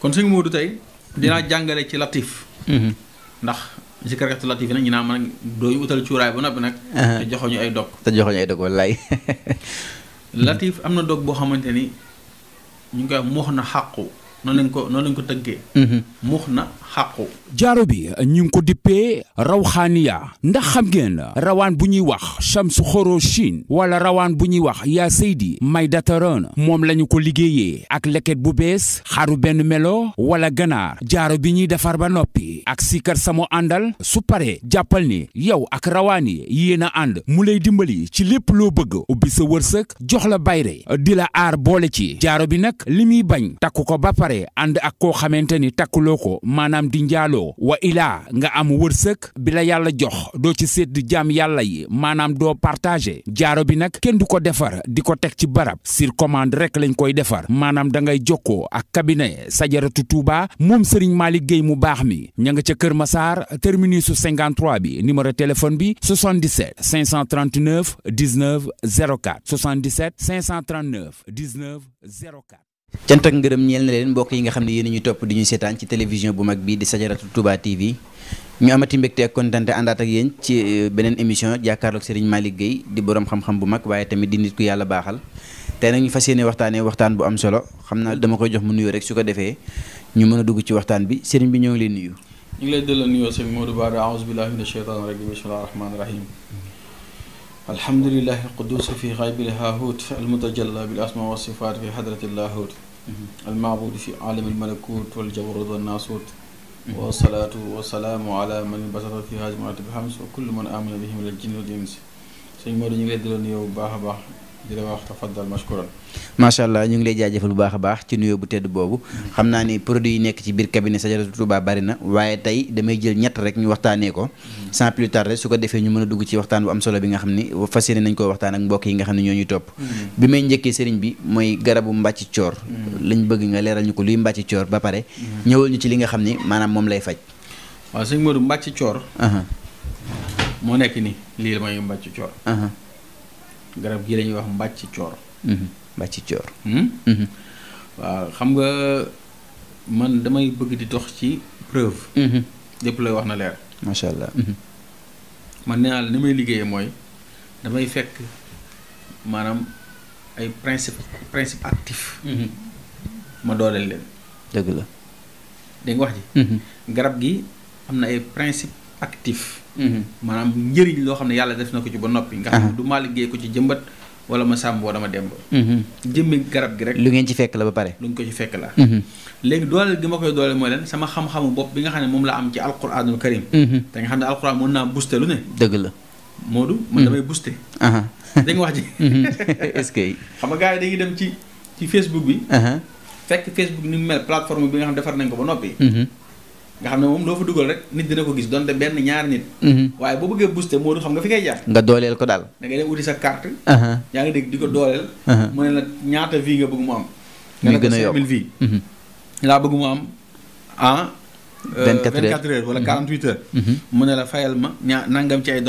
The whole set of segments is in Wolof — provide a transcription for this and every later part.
kon sëñ Modou tey dinaa jàngale ci latif. Mhm. ndax zikarkatu latif yi nag ñu naan man dooñu utal cuuraay ba noppi nag. te joxoñu ay dog. te joxoñu ay dog wallaay. latif am na dog boo xamante ni ñu ngi koy muux na xàqu noonu lañ ko noonu lañ ko tëggee. Mhm. muux na xàqu jaaro bi ñu ko dippee rawxaaniya ndax xam ngeen rawan bu ñuy wax Shamsu Xoroshin wala rawan bu ñuy wax yaa Seydi may dataron moom lañu ko liggéeyee ak leket bu bees xaru benn melo wala ganaar jaaro bi ñuy defar ba noppi ak sikar samo àndal su pare jàppal ni yow ak rawaan yi yéen a ànd mu lay dimbali ci lépp loo bëgg ubbi sa wërsëg jox la bayre di la aar boole ci jaaro bi nag li muy bañ takku ko ba pare ànd ak koo xamante ni takkuloo ko maanaam maanaam di njaaloo wa ilaa nga am wërsëg bi la yàlla jox doo ci sédd jam yàlla yi maanaam doo partagé jaaro bi nag kenn du ko defar di ko teg ci barab sur commande rek lañ koy defar maanaam da ngay jokkoo ak cabinet Sajaratu Touba moom Serigne Malick liggéey mu baax mi ña nga ca Kër Massar terminus 53 bi numéro téléphone bi 77 539 19 04 77 539 19 04 cant ak ngërëm ñeel na leen mbokk yi nga xam ne yéen ñu topp di ñu seetaan ci télévision bu mag bi di Sadiaratou Touba TV ñu amati mbégte ak kontante àndaat ak yéen ci euh, beneen émission jàkkaarloog Serigne maa liggéey di borom xam-xam bu mag waaye tamit di nit ku yàlla baaxal te nag ñu fa yéene waxtaanee waxtaan bu am solo xam naa dama koy jox mu nuyoo rek su ko defee ñu mën a dugg ci waxtaan bi Serigne bi ñoo ngi leen nuyu. ñu ngi lay delloo nuyoo sëñ Modou Bara auzu billahi mina shaytaani rajim rahmaani rahim alhamdulilah alquduus fi xaybil haahut almutajalla bil asma wa sifaat fi xadrati laahut mhm. almaabuud fi aalami almalakut waljabarut wannaasut mhm. wasalaatu wasalaamu ala man basara fi haajimati bi xams wa kullu man amana bihim lal jinni wal insi sëñ Modou ñu ngi lay delloo nuyoo bu baax a baax di la wax tafaddal mashkuran allah ñu ngi lay jëfal bu baax a baax ci nuyoo bu tedd boobu xam naa ni produit yi nekk ci biir cabinet Sadiaratou Touba bari na waaye tey damay jël ñett rek ñu waxtaanee ko sans plus tarder su ko defee ñu mën a dugg ci waxtaan bu am solo bi nga xam ne fas yéene nañ koo waxtaan ak mbokk yi nga xam ne ñoo ñuy topp mm. bi may njëkkee sëriñ bi mooy garabu mbàcci coor mm. lañ bëgg nga leeral ñu ko luy mbàcci coor ba pare mm. ñëwal ñu ci li nga xam ni maanaam moom lay faj waaw sëñ Modou mbàcci coor moo nekk ni lii mooy mbàcci coor garab gii la ñuy wax mbàcc coor. Mhm. mbàcc coor. Mhm. Mhm. waaw xam nga man damay bëgg di dox ci preuve. lépp lay wax na leer. macha allah. man nee naa ni may liggéeyee mooy damay fekk maanaam ay principe principe actif. ma dooleel leen. dëgg la. dégg wax ji. garab gi am na ay principe actif Mhm. maanaam njëriñ loo xam ne yàlla def na ko ci ba noppi nga xam du maa liggéey ko ci jëmbat wala ma sàmm wala ma demb mhm. jëmmi garab gi rek lu ngeen ci fekk la ba pare lu ngeen ko ci fekk la mhm. léegi dooleel gi ma koy dooleel mooy leen sama xam-xamu bopp bi nga xam ne moom la am ci alquranul karim te nga xam ne alquran mën naa booster lu ne dëgg la Modou man damay booster da wax ji est xam nga yi dañuy dem ci Facebook bi fekk Facebook ni mu mel plateforme bi nga xam defar nañ ko ba noppi nga xam ne moom loo fa dugal rek nit dina ko gis donte benn ñaar nit mhm. waaye boo bëggee booster moo du xam nga fi ngay jaar nga dooleel ko daal da ngay dem uh-huh. ngi dégg di ko dooleel uh-huh. mu ne la ñaata vie nga bëgg mu mhm. laa bëgg mu am en vingt quatre heures wala mhm. quarante huit heures mu la fayal ma ñaa nangam ci ay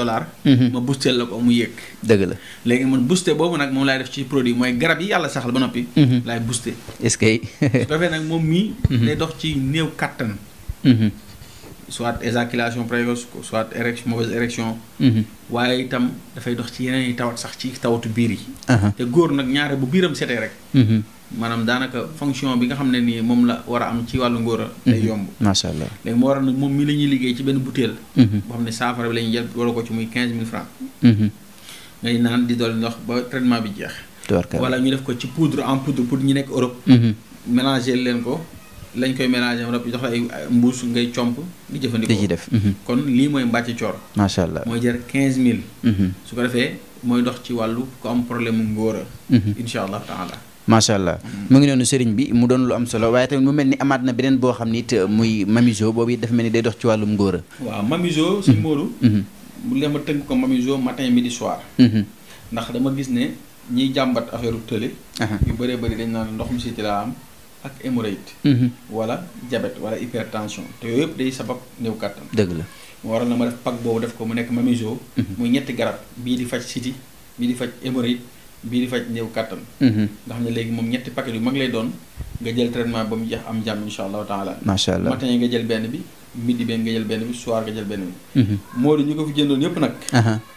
ma booster la ko mu yéeg dëgg la léegi man booster boobu nag moom laay def ci produit mooy garab yi yàlla saxal ba noppi laay booster est-ce que su defee nag moom mii day dox ci néew kattan Mhm. soit éjaculation précoce soit érection mauvaise érection. Mhm. waaye itam dafay dox ci yeneen yi tawat sax ci tawatu biir yi. te góor nag ñaare bu biiram setee rek. Mhm. maanaam daanaka fonction bi nga xam ne nii moom la war a am ci wàllu ngóor a day yomb. macha allah léegi moom mi la ñuy liggéey ci benn butéel. boo xam ne saafara bi la ñuy jël wala ko ci muy quinze mille francs. ngay naan di dolli ndox ba traitement bi jeex. wala ñu def ko ci poudre en poudre pour ñu nekk Europe. mélanger ko. lañ koy mélangé am rab jox la ay mbuus ngay comp di jëfandikoo mhm. Mhm. lii mooy mbàcc coor. macha allah mooy jar quinze mille. Mhm. su ko defee mooy dox ci wàllu ku am problème mu ngóor a. allah taala. macha allah mu ngi noonu sëriñ bi mu doon lu am solo waaye tamit mu mel ni amaat na beneen boo xam ni it uh, muy mamiso boobu it dafa mel ni day dox ci wàllum ngóor a waaw mamiso suñ móolu bu leen ma tënk ko mamiso matin midi soir ndax dama gis ne ñiy jàmbat affaire u tële yu bëree bëri ndox mu ak hémorroïde mhm. wala diabète wala hypertension te yooyu yëpp day sabab néew kàttan dëgg la mu waral na ma def pack boobu def ko mu nekk ma mamiso mhm. muy ñetti garab bii di faj siti bii di faj hémorroïde bii di faj néew kàttan mhm. nga xam ne léegi moom ñetti paquet yu mag lay doon nga jël traitement ba mu jeex am jàmm insha allahu taala macha allah matin nga jël benn bi midi benn nga jël benn bi soir nga jël benn bi moo di ñu ko fi jëndoon yëpp nag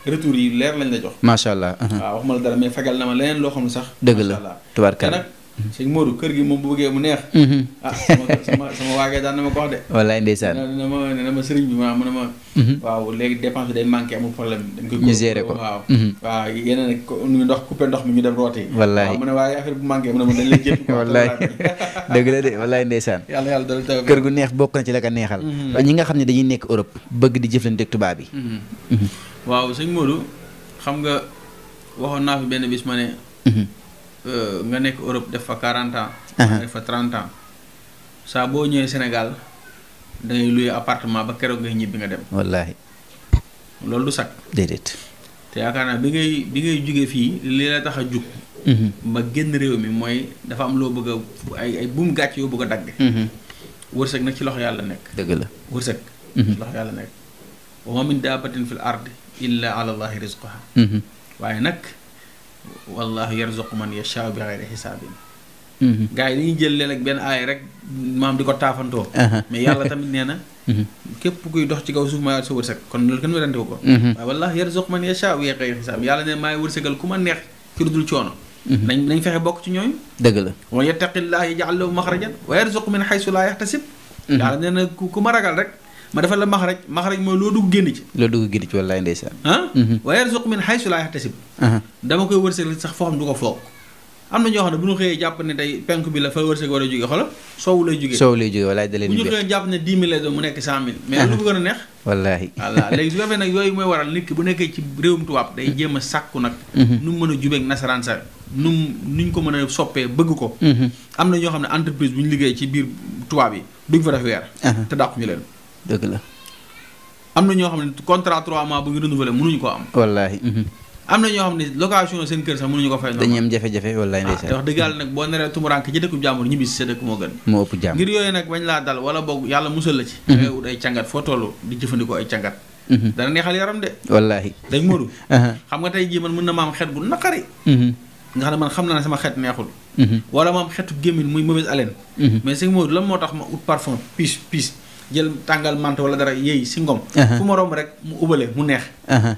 retour yi leer lañ la jox macha allah waaw wax ma dara fagal na leneen loo xam ne sax dëgg la tubaarkalla sëñ Modou kër gi moom bu bëggee mu neex. Mhm. ah sama waagee daan na ma ko wax de. wallaay ndeysaan na ma na ma sëriñ bi ma ma ne ma. Mhm. waaw léegi dépense bi day manqué amul problème. dañ koy ñu gérer ko waaw. Mhm. waaw yeneen ñu ndox coupé ndox mi ñu dem rooti. wallaay waaw mu ne waaye affaire bu manqué mu ne ma dañ lay jël. wallaay dëgg la de wallaay ndeysaan. yàlla yàlla dal taw kër gu neex bokk na ci la ko neexal. waaye ñi nga xam ne dañuy nekk Europe. bëgg di jëflanteeg tubaab yi. a sëñ Modou xam nga waxoon naa fi benn bis ma ne Euh, nga nekk Europe def fa 40 ans. Uh-huh. def fa 30 ans saa boo ñëwee senegal da ngay luye appartement ba keroog ngay ñibbi nga dem. wallaahi. loolu du sakk. déedéet. te yaakaar naa bi ngay bi ngay jugee fii li la tax a jug. Uh-huh. ba génn réew mi mooy dafa am loo bëgg a ay ay buum gàcc yoo bëgg a dagg. Uh-huh. wërsëg nag ci loxo yàlla nekk. dëgg la wërsëg. ci loxo yàlla nekk. waaye nag. wallahu yarzuqu man yashaa bi xayri xisaabin mhm. gars yi dañuy jël léeg-léeg benn aay rek maam di ko taafantoo mais yàlla tamit nee mhm. képp kuy dox ci kaw suuf maa sa wërsëg kon loolu kenn werante ko mhm. waaye wallahu yarzuqu man yashaa bi xayri xisaabin yàlla nee maay wërsëgal ku ma neex ci lu coono nañ nañ fexe bokk ci ñooñu dëgg la wa yattaqillaahi yaj'al lahu maxrajan wa yarzuqu min xaysu laa yaxtasib yàlla nee na ku ma ragal rek ma defal la max rek mooy loo dugg génn ci loo dugg génn ci wallaay ndeysaan ah mhm. wa yarzuq min haythu laa yahtasib dama koy wërsëgal sax foo xam du ko foog am na ñoo xam ne bu ñu xëyee jàpp ne tey bi la a jóge xoolal soowu lay jóge soowu lay jóge leen bu ñu xëyee ne 10 000 lay doon a neex wallaay voilà léegi su ko defee nag yooyu mooy waral nit ki mhm. a sàkku nag mhm. nu mu mën a jubeeg nasaraan sa nu ko mën soppee bëgg ko am na ñoo xam ne entreprise bu ñu liggéey ci biir tuwaab yi duñ fa def weer te dàqu ñu leen dëgg la. am na ñoo xam ne contrat 3 mois bu ñu renouveler mënuñu ko am. wallaahi. Mhm. am na ñoo xam ne location seen kër sax mënuñu ko fay. dañuy am jafe-jafe wallaahi ah, ndeysaan. te wax dëgg yàlla nag boo naree tumuraanke ci dëkku jàmbur ñibbi si sa dëkk moo gën. moo ëpp jàmm ngir yooyu nag bañ laa dal wala la ci. Mhm. da ngay wut mhm. uh-huh. nga tey jii man mën na ma am xet bu naqari. nga xam ne man xam naa ne sama xet neexul. wala ma am xetu gémmiñ muy mauvaise haleine. mais sëñ Modou moo tax ma ut parfum piis piis jël tàngal mante wala dara yeey si ngom. Uh-huh. fu ma rek mu ubale mu neex. Uh-huh.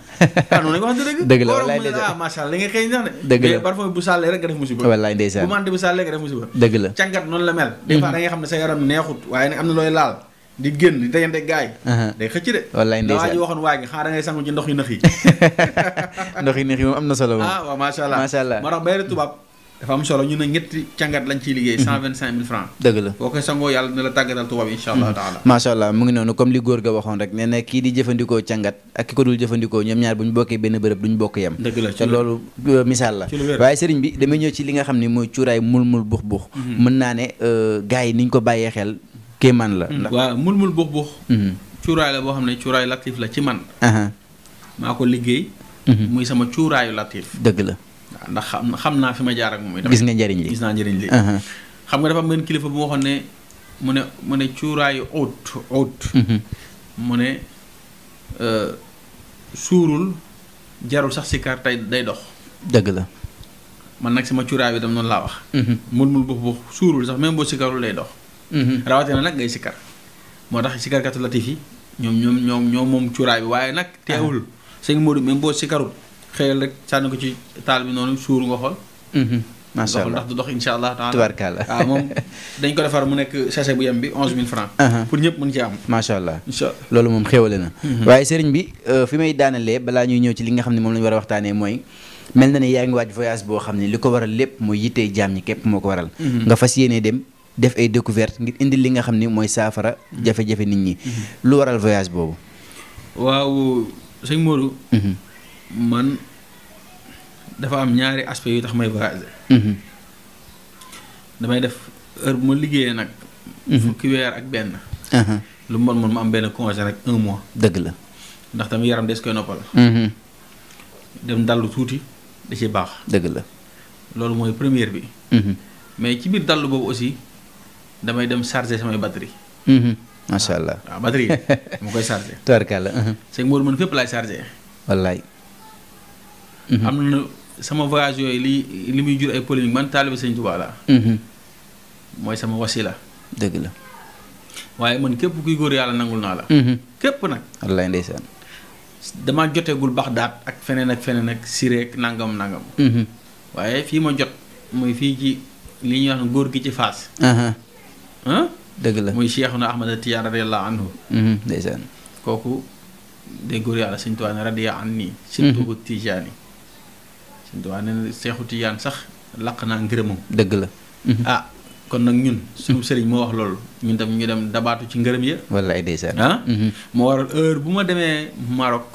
ah noonu la ñu la wallaay la ah allah li nga xëy na sax de. dëgg la parfum bu sàllee rek nga def musiba. wallaay ndeysaan bu mante bu sàllee nga def musiba. dëgg la càngat noonu la mel. des fois mm-hmm. xam ne sa yaram neexut waaye nag am na looy laal. di génn di dajante gaay uh-huh. day xëcc de wallaay ndeysaan waxoon waa xanaa da sangu ci ndox yu nëx yi ndox yu nëx yi moom am na solo moom ah waaw macha allah macha allah moo tax tubaab dafa am solo ñu ne ñetti càngat lañ ciy liggéey. cent mhm. vingt cinq mille francs. dëgg la boo koy sangoo yàlla dina la tàggatal tubaab incha allah mhm. taala. macha allah mu ngi noonu comme li góor ga waxoon rek nee na kii di jëfandikoo càngat ak ki ko dul jëfandikoo ñoom ñaar bu ñu bokkee benn bërëb duñ bokk yem. dëgg la te loolu euh, bi damay ñëw ci li nga xam ne mooy cuuraay mulmul bux bux. Mhm. mën naa ne euh, gars yi niñ ko bàyyee xel kéemaan la. waaw mulmul bux bux. cuuraay la boo xam ne cuuraay latif la ci man. maa ko liggéey. muy sama cuuraayu latif dëgg la ndax xam xam naa fi ma jaar ak moom itam. gis nga njëriñ li gis naa njëriñ li. Uh-huh. xam nga dafa am benn kilifa bu ma waxoon ne mu ne mu ne cuuraayu oot oot. Uh-huh. mu ne euh, suurul jarul sax si kàr day dox. dëgg la. man nag sama cuuraay bi dam noonu laa wax. mul uh-huh. mul bux bux suurul sax même boo sikarul lay dox. rawatina nag ngay sikar moo tax sikarkatu latif yi ñoom ñoom ñoom ñoom moom cuuraay bi waaye nag. teewul sëñ Modou même boo sikarul. xëyal rek sànni ko ci taal bi noonu suur nga xool. Mhm. macha allah ndax du dox incha allah. tubarkalla waaw ah, moom dañ ko defar mu nekk sachet bu yem bi onze mille francs pour ñëpp mën ci am. macha allah loolu moom xéwale na. Mhm. waaye sëriñ bi euh, fi may daanalee balaa ñuy ñëw ci li nga xam ne moom la war a waxtaanee mooy. mel na ne yaa ngi waaj voyage boo xam ne li ko waral lépp mooy yittee jaam ñi képp moo ko waral. Mhm. nga fas yéenee dem def ay découverte ngir indi li nga xam ne mooy saafara. jafe-jafe lu waral voyage boobu. man dafa am ñaari aspect yu tax may voyager mhm. damay def heure bu ma liggéeyee nag mhm. fukki weer ak benn lu mu mën mën ma am benn congé rek un mois dëgg la ndax tamit yaram des koy noppal mhm. dem dallu tuuti da ci baax dëgg la loolu mooy première bi mais ci biir dallu boobu aussi damay dem charger samay batterie macha allah waaw batterie yi koy charger tubarkalla sëñ Modou man fépp laay charger wallaay Mm-hmm. am na sama voyage yooyu li li muy jur ay polémique man taalibe sañ Tuubaa la mm-hmm. mooy sama wasila dëgg la waaye man képp kuy góor yàlla nangul naa la mm-hmm. képp nag wallaay ndeysaan dama joteegul bax daat ak feneen ak feneen ak sireek nangam nangam waaye fii ma jot muy fii ci li ñuy wax góor gi ci faas uh-huh. dëgg la muy Cheikhuna Ahmad Tijaan radiyallahu anhu ndeysaan kooku de góor yàlla sëñ Tuubaa ne radiya nii surtout tijaani waaw nee na Seexu sax laq naa ngërëmam. dëgg la. Mm-hmm. ah kon nag ñun. su sëriñ moo wax loolu ñun tam ñu dem dabaatu ci ngërëm ya wallaay ndeysaan a ah? mm-hmm. moo waral heure bu ma demee Maroc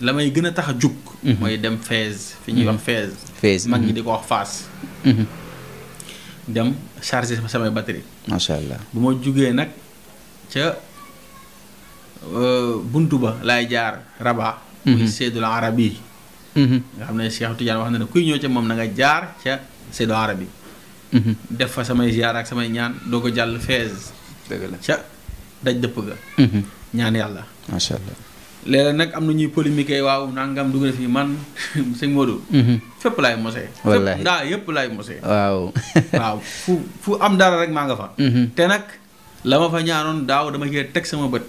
la may gën a tax a jug. Mm-hmm. mooy dem Fès fi ñuy wax Fès. Fès mag ñi di ko wax Faas. dem chargé fa samay batterie. macha allah bu ma jugee nag ca euh, buntu ba laay jaar Rabat. muy Seydul Arabi nga xam ne Cheikh Tidiane wax na ne kuy ñëw ca moom na nga jaar ca Seydou Arabi def fa samay ziar ak samay ñaan doo ko jàll fees ca daj dëpp ga mhm. ñaan yàlla macha allah léeg nag am na ñuy polémique eh, waaw nangam dugg na fii man sëñ Modou mhm. fépp laay mosee wallaahi daa yëpp laay mosee waaw fu fu am dara rek maa nga fa mhm. te nag la ma fa ñaanoon daaw dama cee teg sama bët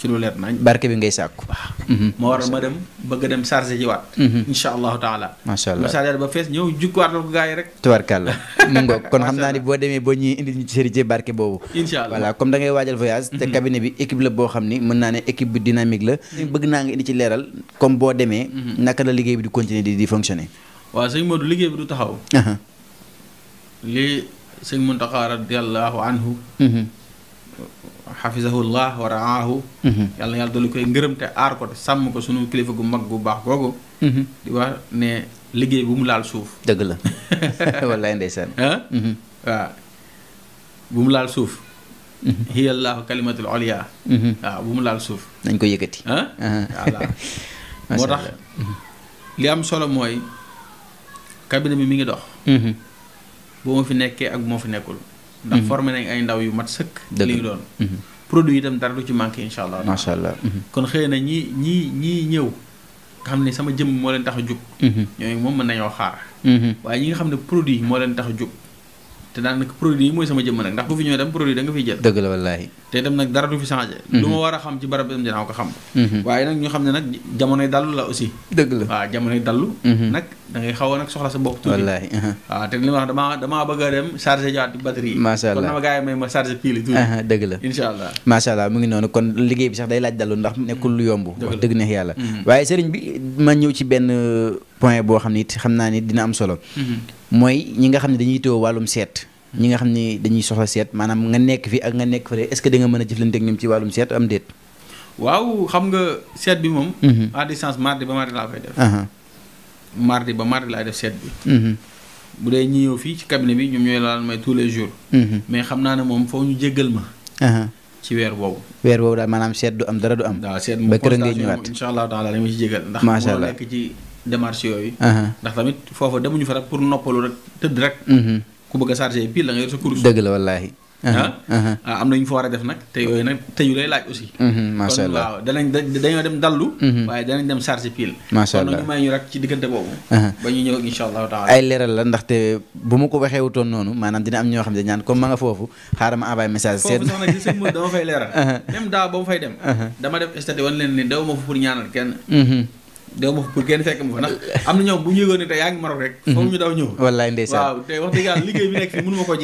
ci lu leer nañ barke bi ngay sàkku mm-hmm. moo waral ma dem bëgg a dem chargé ji waat mm-hmm. insha allahu taala macha allah ma chargé ba fees ñëw jukkuwaat na ko gars yi rek tubarkàlla mu ngoog kon xam naa ni boo demee boo ñuy indi ñu barke boobu insha comme da ngay waajal voyage te mm-hmm. cabinet bi équipe la boo xam ni mën naa ne équipe bu dynamique la bëgg naa nga indi ci leeral comme boo demee naka la liggéey bi di continuer di di fonctionner waaw sëñ Modou liggéey bi du taxaw uh-huh. li xafisahullah wa raahu mhm. yàlla na yàlla dolli koy ngërëm aar ko te sàmm ko sunu kilifa gu mag gu baax googu mhm. di wax ne liggéey bu mu laal suuf dëgg la wallaay ndeysaan waaw bu laal suuf hiyallaahu mhm. waaw bu mu laal suuf dañ ko yëkkati voilà moo tax li am solo mooy cabinet bi mi ngi dox boo ma fi nekkee ak moo fi nekkul ndax mhm. formé nañ ay ndaw yu mat sëkk. dëgg li doon. Mhm. produit yi tam dara du ci manqué incha allah. macha allah mhm. kon xëy na ñi ñi ñii ñëw nga xam ne sama jëmm moo leen tax a jóg. moom mën nañoo xaar. waaye ñi nga xam ne produit moo leen tax a te daanaka produit yi mooy sama jëmm nag ndax bu fi ñëwee dem produit da nga fiy jël dëgg la wallaahi te dem nag dara du fi changé mhm. lu ma war a xam ci barab bi dem ko mhm. xam ne nag jamonoy dallu mhm. da ngay a nag ma wax damaa damaa a dem chargé jowaat batterie yi yi may ma chargé mu ngi noonu kon liggéey bi sax day laaj dallu ndax nekkul lu yomb dëgg neex yàlla waaye sëriñ bi ma ñëw ci benn point boo xam ne it xam naa ni dina am solo. Mm-hmm. mooy ñi nga xam ne dañuy teew wàllum seet. ñi nga xam ne dañuy soxla seet maanaam nga nekk fi ak nga nekk fa est-ce que mën a jëflante ak ñoom ci wàllum seet am déet. waaw xam nga seet bi moom. Mm-hmm. à distance mardi ba mardi laa uh-huh. ba mardi laay def seet bi. Mm-hmm. bu dee ñi ñëw fii ci cabinet bi ñoom ñooy laal may tous les jours. mais xam naa ne moom foo ñu jéggal ma. Uh-huh. ci weer woowu. weer woowu daal maanaam seet du am dara du am. ba kër ñëwaat incha allah ma ci jéggal. macha allah ndax moo démarche yooyu. ndax tamit foofa demuñu fa rek pour noppalu rek tëdd rek. Mhm. ku bëgg a chargé pile da nga yor sa kurus. dëgg la wallaahi. Ah? ah am na ñu fa war a def nag te yooyu nag tëju lay laaj aussi. Mhm, macha allah kon waaw danañ dañoo dem dallu. Mhm. waaye danañ dem chargé pile. macha allah kon ay leeral la ndaxte bu ma ko waxee noonu maanaam dina am ñoo xam ne ñaan comme ma nga foofu xaaral ma envoyé message. seen dama fay leeral. même daaw ba mu fay dem. dama def statut leen ni daw ma fa pour ñaanal kenn. déw ma pour kenn fekk ma fa ndax am na ñoom bu ñu yëgoon ne te yaa ngi Maroc rek. moom mhm. ñu daw ñëw. wallaay ndeysaan te wax dëgg yàlla liggéey bi nekk fi ma ko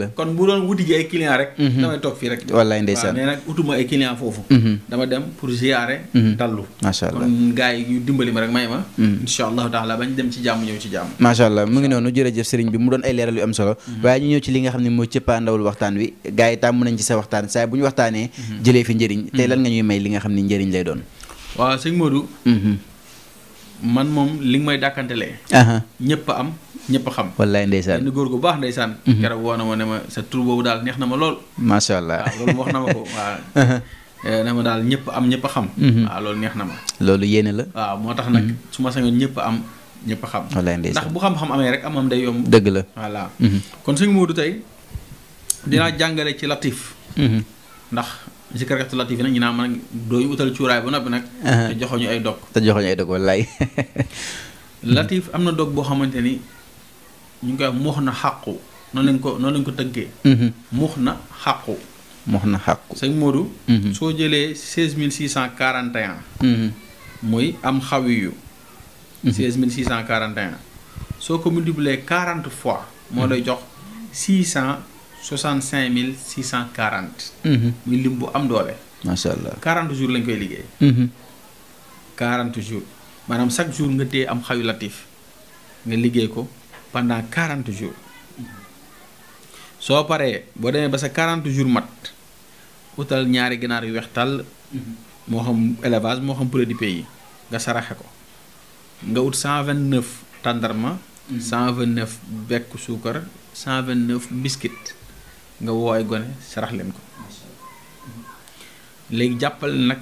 la kon bu doon wuti ji ay client rek. Mhm. damay toog fii rek. wallaay ndeysaan waaw mais nag mhm. dem pour ziare. dallu macha allah kon gars yi yu dimbali ma rek ma. incha allahu taala bañ dem ci jàmm ñëw ci jàmm. macha allah mu ngi noonu jërëjëf sëriñ bi mu doon ay leeral yu am solo. waaye ñu ñëw ci li nga xam ne mooy cëppaandawul waxtaan wi gars yi tàmm nañ ci sa waxtaan saa bu ñu waxtaanee jëlee fi njëriñ tey lan nga ñuy may li nga xam ne njëriñ lay doon waaw sëñ Modou man moom li nga may dàkkantelee. ñëpp am ñëpp a xam. wallaay ndeysaan góor gu baax ndeysaan. Mhm. keroog woo na ma ne ma sa tur boobu daal neex na ma lool. macha allah waaw loolu wax na ma eh, daal ñëpp am ñëpp xam. Mhm. waaw neex na ma. loolu la. waaw moo tax nag mhm. su ma sañoon ñëpp am ñëpp a xam. wallaay ndeysaan ndax bu xam-xam amee rek amam day yomb. dëgg la voilà. kon suñu Modou tey dinaa jàngale ci Latif. ndax si karkatu latif yi nag ñu naan man dooyu utal cuuraay ba noppi nag te joxoñu ay dog te joxoñu ay dog wallaay latif am na dog boo xamante ni ñu ngi koy am muux na xàqu noonu lañ ko noonu lañ ko tëggee mhm. muux na xàqu muux na xàqu sëñ Modou mhm. soo jëlee seize mille six cent quarante et un mhm. muy am xawiyu seize mille six cent quarante et soo ko multiplier quarante fois moo lay jox six cent soixante cinq mille six cent quarante. Mhm. muy lim bu am doole. macha allah quarante jours lañ koy liggéey. Mhm. quarante jours maanaam chaque jours nga téye am xayu latif nga liggéey ko pendant quarante jours soo paree boo demee ba sa quarante jours mat utal ñaari ginaar yu weex tàll mhm. moo xam élevage moo xam produit pays nga saraxe ko nga ut cent vingt neuf tàndarma cent vingt neuf bekk suukar cent vingt neuf biscuit nga woo ay gone sarax leen ko léegi jàppal nag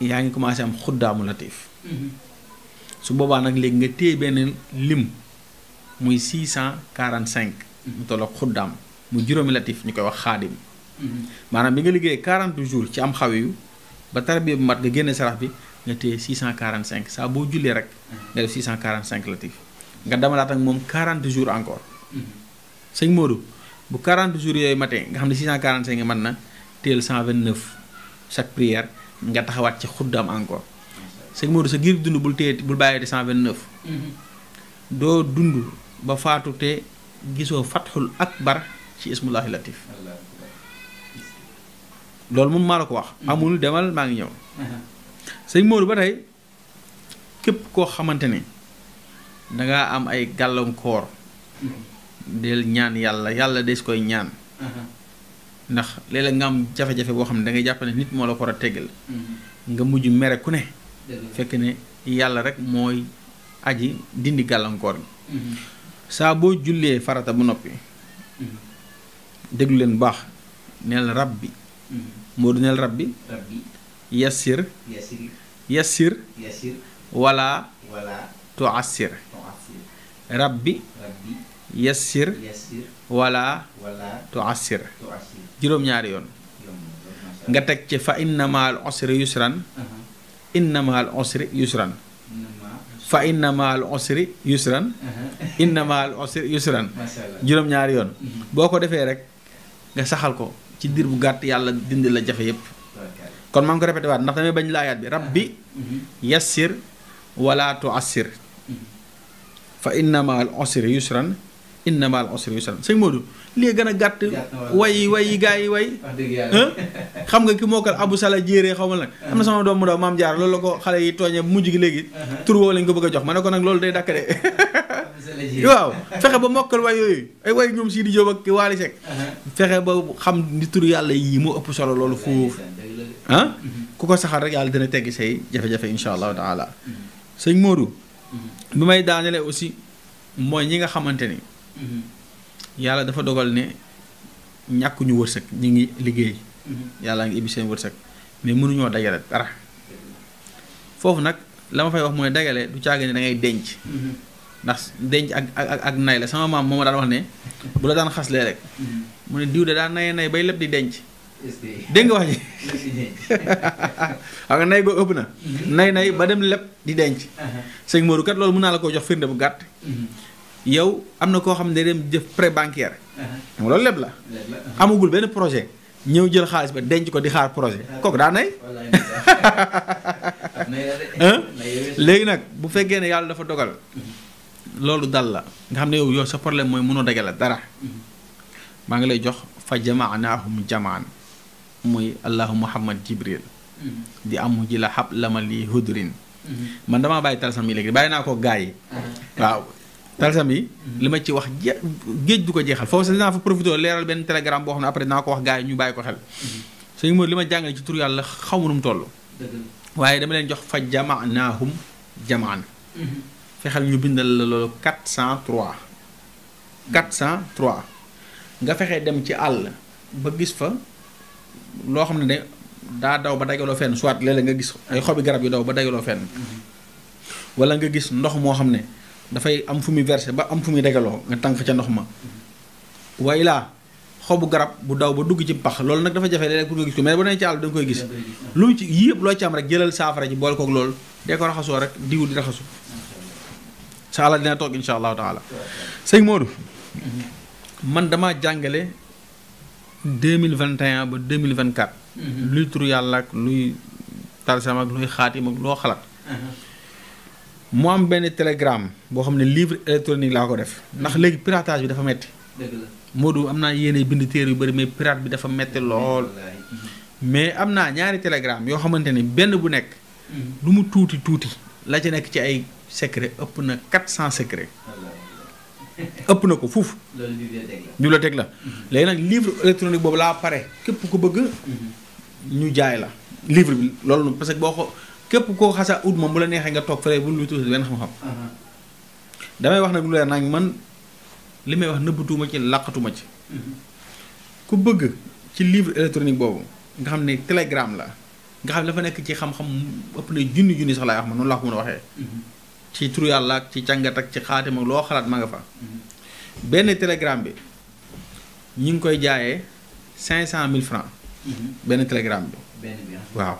yaa ngi commencé am xuddaamu latif su boobaa nag léegi nga téye benn lim muy six cent quarante cinq mu tolloog xuddaam mu juróomi latif ñu koy wax xaadim maanaam bi nga liggéeyee quarante jours ci am yu ba tarbiya bu mat nga génn sarax bi nga téye six cent quarante cinq saa boo jullee rek nga def six cinq latif nga damalaat ak moom quarante jour encore sëñ Modou bu 40 jours yooyu matee nga xam ne 645 man na teel 129 chaque prière nga taxawaat ci xuddaam encore sëñ Modou sa giir dund bul téye bul bàyyi di 129. Mm-hmm. doo dund ba faatu te gisoo fatxul akbar ci ismullahi latif loolu moom maa la ko wax. Mm-hmm. amul demal maa ngi ñëw. Mm-hmm. sëñ Modou ba tey képp koo xamante ne da am ay gàllankoor. del ñaan yàlla yàlla des koy ñaan uh-huh. ndax léeg-léeg nga am jafe-jafe boo xam ne dangay ngay nit moo la ko war a teggal uh-huh. nga mujj mere ku ne fekk ne yàlla rek mooy aji dindi gàllankoor bi uh-huh. saa boo jullee farata bu noppi déglu leen baax neel rab bi moo du neel rab bi yassir yassir wala tuassir rab yassir wala tuassir juróom-ñaari yoon nga teg ci fa inna maal usri yusran uh-huh. inna maal usri yusran uh-huh. juróom-ñaari yoon uh-huh. boo ko defee rek nga saxal ko ci diir bu gàtt yàlla dind la jafe yépp kon maa ngi ko répété ndax damay bañ laayaat bi rabbi yassir wala tuassir fa inna maal usri yusran inna maal usri yusran sëñ Modou lii gën a gàtt way way gaa yi way xam nga ki mokkal Abu Sala jéeree xaw ma na sama doom mu daw yi tooñee mujj gi léegi ko bëgg jox ma ne ko nag loolu day dakk de waaw ba mokkal way yooyu ay way ñoom Sidi Diop ak Waly fexe ba xam ni yàlla yii moo ëpp solo loolu foofu ah ku ko saxal rek yàlla dina teggi say jafe-jafe insha allahu taala mhm. sëñ Modou mhm. bi may daanele aussi mooy ñi nga xamante ni Mm-hmm. yàlla dafa dogal ne ñàkk ñu wërsëg ñu ngi liggéey. Mm-hmm. yàlla ngi ibbi seen wërsëg mais mënuñoo dajale dara foofu nag la ma fay wax mooy dajale du caage ne da denc. Mm-hmm. ndax denc ak ak ak nay la sama maam moo ma daan wax ne bu la daan xaslee rek. mu ne diw de daan naye nay bay lépp di denc. dégg wax ji xam nga nay boo ëpp na. nay nay ba dem lépp di denc. Uh-huh. sëñ Modou kat loolu mën naa la koo jox firnde bu gàtt. yow am na koo xam ne dem jëf prêt bancaire. Uh-huh. xam loolu leb la. Uh-huh. amagul benn projet. ñëw jël xaalis ba denc ko di xaar projet uh-huh. kooku daa léegi nag bu fekkee ne yàlla dafa dogal. loolu dal la nga xam ne yow yow sa problème mooy mënoo dagale dara. maa ngi lay jox fa jamaanaahum jamaan muy allahu muhammad jibril di amu ji la xab lama lii hudrin man damaa bàyyi tal sam léegi bàyyi naa ko gaa yi waaw talsam yi li ma ci wax géej du ko jeexal foofu sax dinaa fa profité leeral benn télégramme boo xam ne après dinaa ko wax gars yi ñu bàyyi ko xel mhm. sëñ Mor li ma jàngale ci tur yàlla xamu nu mu toll waaye dama leen jox fa jamaanaahum jamaan mhm. fexeel ñu bindal la loolu 403 403 nga fexe dem ci àll ba gis fa loo xam ne de daa daw ba dajaloo fenn soit léeg-léeg nga gis ay xobi garab yu daw ba dagaloo fenn mhm. wala nga gis ndox moo xam ne dafay am fu muy versé ba am fu muy regaloo nga tànk ca ndox ma waaye laa xobu garab bu daw ba dugg ci pax loolu nag dafa jafe léeg-léeg pour nga gis ko mais bu nee ci àll da nga koy ci yëpp loo ci am rek jëlal saafara ji boole koog loolu dee raxasoo rek diw di raxasu sa àll dina toog insha allahu taala sëñ Modou mhm. man damaa jàngale 2021 ba 2024 mhm. luy turu yàlla ak luy talsam ak luy xaatim ak loo xalaat mhm. mu am benn télégramme boo xam ne livre électronique laa ko def ndax léegi piratage bi dafa metti Modou am naa yéene bind téere yu bëri mais pirate bi dafa metti lool mais am naa ñaari télégramme yoo xamante ni benn bu nekk lu mhm. mu tuuti tuuti la ci nekk ci ay secret ëpp na 400 secret ëpp na ko fuuf bibliothèque la mhm. léegi nag livre électronique boobu laa pare képp ko bëgg mhm. ñu jaay la livre bi loolu parce que boo ko képp koo xasa ut moom bu la neexee nga toog fële bu lu tuuti benn xam-xam. damay wax nag lu leer nañ man li may wax nëbbatuuma ci làqatuma ci. ku bëgg ci libre électronique boobu nga xam ne telegram la nga xam ne dafa nekk ci xam-xam ëpp na junni junni sax laay wax ma noonu laa ko mën waxee. ci turu yàlla ci càngat ak ci xaatima loo xalaat ma nga fa. benn telegram bi ñu ngi koy jaaye cinq cent mille francs. Mhm. benn telegram bi ah. waaw.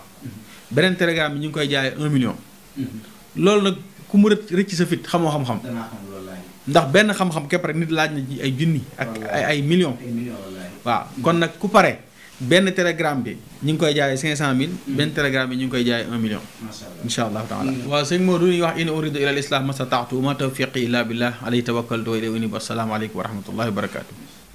beneen télégramme bi ñu ngi koy jaayee un million. Mhm. loolu nag ku mu rëcc sa fit xamoo xam-xam. ndax benn xam-xam képp rek nit laaj na ji ay junni. ak ay million millions. waaw kon nag ku pare benn télégramme bi ñu ngi koy jaayee mhm. ñu ngi koy jaayee un million. incha allah taala waaw sëñ Modou ñuy wax in uridu ila al islam ma stata'tu ma tawfiqi illa billah alayhi tawakkaltu wa ilayhi unib assalaamu aleykum wa rahmatullahi wa barakatuh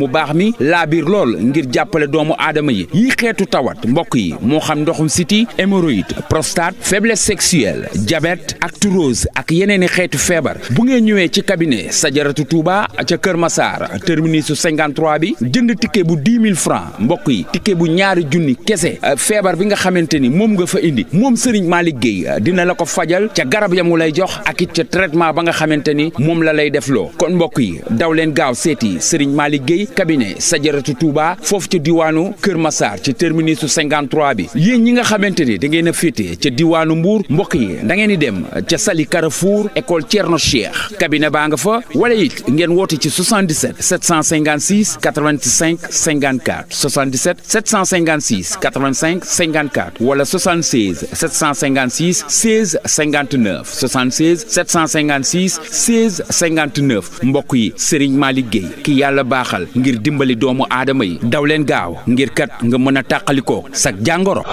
mu baax mi laabiir lool ngir jàppale doomu aadama yi yi xeetu tawat mbokk yi moo xam ndoxum siti hémorroïde prostate faiblesse sexuelle diabète arthrose ak yeneen i xeetu feebar bu ngeen ñëwee ci cabinet Sajaratu Touba ca Kër Massar terminus su 53 bi jënd tikke bu 10 000 francs mbokk yi tikke bu ñaari junni kese euh, feebar bi nga xamante ni moom nga fa indi moom Serigne maa liggéey euh, dina la ko fajal ca garab ya mu lay jox ak it ca traitement ba nga xamante ni moom la lay def loo kon mbokk yi daw leen gaaw seeti Serigne Malick Gueye cabinet Sadiaratou Touba foofu ca diwaanu Kër Massar ci terminus su 53 bi yéen ñi nga xamante ni da ngeen a féete ca diwaanu Mbour mbokk yi da ngeen di dem ca Sali Carrefour école Thierno Cheikh cabinet baa nga fa wala it ngeen woote ci 77 756 85 54 77 756 85 54 wala 76 756 16 59 76 756 16 59 mbokk yi Serigne Malick liggéey ki yàlla baaxal. ngir dimbali doomu aadama yi daw leen gaaw ngir kat nga mën a tàqalikoo sag jàngoro